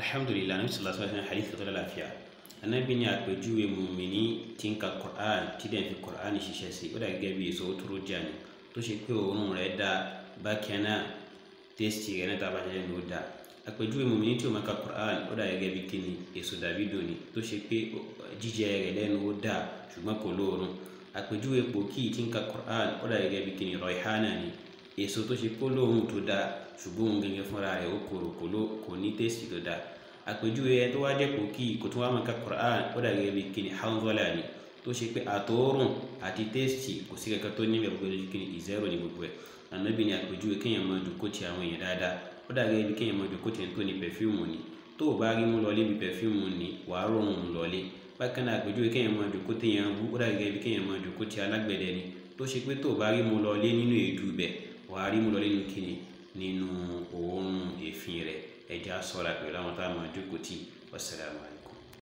alhamdulillah anabi sallallahu alaihi wa sallam hadith tó lálàáfíà anabi ní àpèjúwe mùmíní tí ń ka quran tí dẹ̀ fi quran ṣiṣẹ́ sí ó dà gẹ́gẹ́ bí èso tó rọjà ni tó ṣe pé òórùn rẹ̀ dá bákan náà tẹ́sítì rẹ̀ náà tá a bá ṣẹlẹ̀ ló dá àpèjúwe mùmíní tí quran ó dà gẹ́gẹ́ bí kíni èso dàbí dòní tó ṣe pé jíjẹ rẹ̀ lẹ́nu ó dá ṣùgbọ́n kò lóorun quran ó dà gẹ́gẹ́ bí ni èso tó ṣe kó lóhun tó dáa ṣùgbọ́n òun gẹ́gẹ́ fúnra rẹ̀ ó korò kò ní tẹ́sì tó dáa àpèjúwe ẹ tó wá jẹ́ pòkì kò tún wá mọ̀ ká Qur'an ó dàgẹ́ bí kìnì hanzọ́là ni tó ṣe pé àtòórùn àti tẹ́sì kò sí kankan tó níbẹ̀ gbogbo ojú kìnì ìzẹ́rò ní gbogbo ẹ̀ ànábì ni àpèjúwe kéèyàn máa dùn kó ti àwọn èèyàn dáadáa ó dàgẹ́ bí kéèyàn máa dùn kó ti ẹni tó ní pẹ̀fíùmù ni tó o bá rí mú lọlé bí pẹ̀fíùmù ni wàá rọrùn mú lọlé bákan náà àpèjúwe kéèyàn máa dùn kó téèyàn wú ó dàgẹ́ bí kéèyàn máa dùn kó alágbẹ̀dẹ ni tó ṣe pé tó o bá rí mú lọlé nínú èédú bẹ́ẹ̀ wàá rí mu lọ nínú kíni nínú òórùn èéfín rẹ̀ ẹja sọ̀rọ̀ pẹ̀lú àwọn tá a máa jókòó tì wasalaamualeykum.